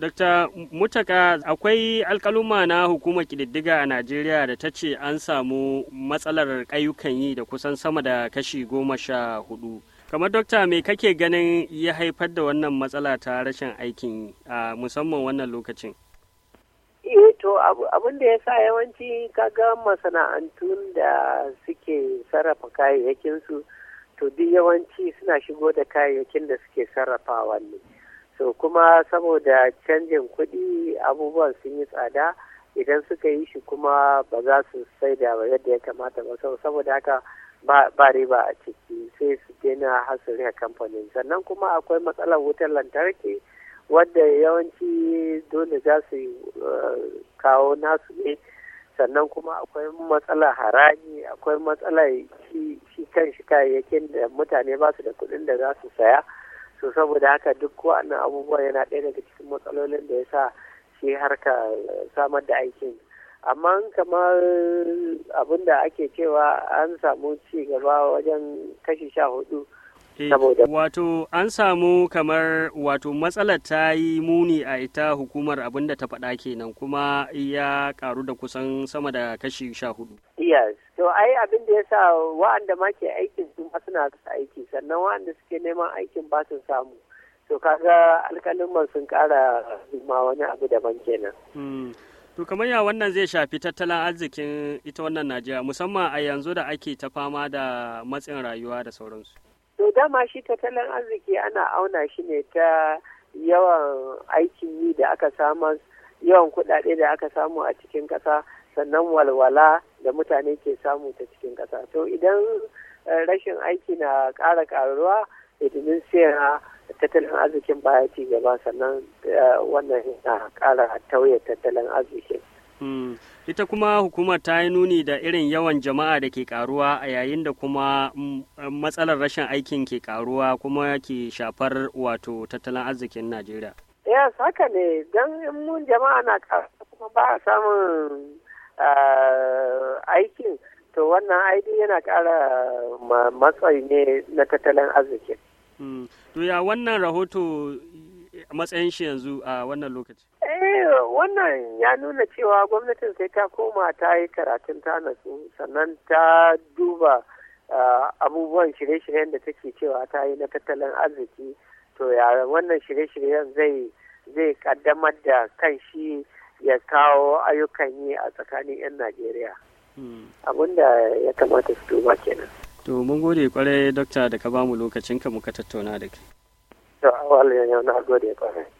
Dr. Mutaka akwai alkaluma na hukumar kididdiga a Najeriya da ta ce an samu matsalar ayyukan yi da kusan sama da kashi goma sha hudu. Kamar dokta me kake ganin ya haifar da wannan matsala ta rashin aikin a musamman wannan lokacin? Eh, to abin da ya sa yawanci kaga masana'antun da suke sarrafa kayayyakinsu to duk yawanci suna shigo da kayayyakin da suke sarrafa wannan. to kuma saboda canjin kuɗi abubuwan sun yi tsada idan suka yi shi kuma ba za su saida ba yadda ya kamata ba saboda haka ba riba a ciki sai su daina hasari kamfanin sannan kuma akwai matsalar wutar lantarki wadda yawanci dole za su eh, kawo nasu ne sannan kuma akwai matsalar haraji akwai matsalar shi kan shi kayayyakin da mutane ba su da kuɗin da za su saya so saboda haka duk wa'annan abubuwa yana ɗaya daga cikin matsalolin da ya sa shi harka samar da aikin amma kamar abin da ake cewa an samu ci gaba wajen kashi sha hudu Eh, wato an samu kamar wato matsalar ta yi muni a ita hukumar abin da ta faɗa kenan kuma ya karu da kusan sama da kashi sha hudu. Yes, to ai abin da ya sa wa'anda ma ke aikin su suna aiki sannan wa'anda suke neman aikin ba su samu. to kaga alkalin sun kara ma wani abu daban kenan. Hmm. To kamar ya wannan zai shafi tattalin arzikin ita wannan Najeriya musamman a yanzu da ake ta fama da matsin rayuwa da sauransu. to dama shi tattalin arziki ana auna shi ne ta yawan aikin yi da aka samu yawan kuɗaɗe da aka samu a cikin ƙasa sannan walwala da mutane ke samu ta cikin ƙasa to idan eh, rashin aiki na ƙara ƙaruwa itimin siyara tattalin arzikin baya ci gaba sannan eh, wannan na ƙara tauye tattalin arzikin Hmm. ita kuma hukumar ta yi nuni da irin yawan jama'a da ke karuwa a yayin da kuma mm, matsalar rashin aikin ke karuwa kuma ke shafar wato tattalin arzikin najeriya Ya haka ne don mun jama'a na karuwa kuma ba a samun ah, aikin to wannan aidi yana kara matsayi ne na tattalin arzikin hmm. to ya wannan rahoto matsayin shi yanzu a wannan lokaci wannan ya nuna cewa gwamnatin sai ta koma ta yi karatun ta nasu sannan ta duba abubuwan shirye-shiryen da take cewa ta yi na tattalin arziki to ya wannan shirye-shiryen zai zai kaddamar da kan shi ya kawo ayyukan yi a tsakanin 'yan najeriya hmm. abinda ya kamata su duba kenan to mun gode kwarai dokta da ka bamu ka muka tattauna da kai to yau na gode kwarai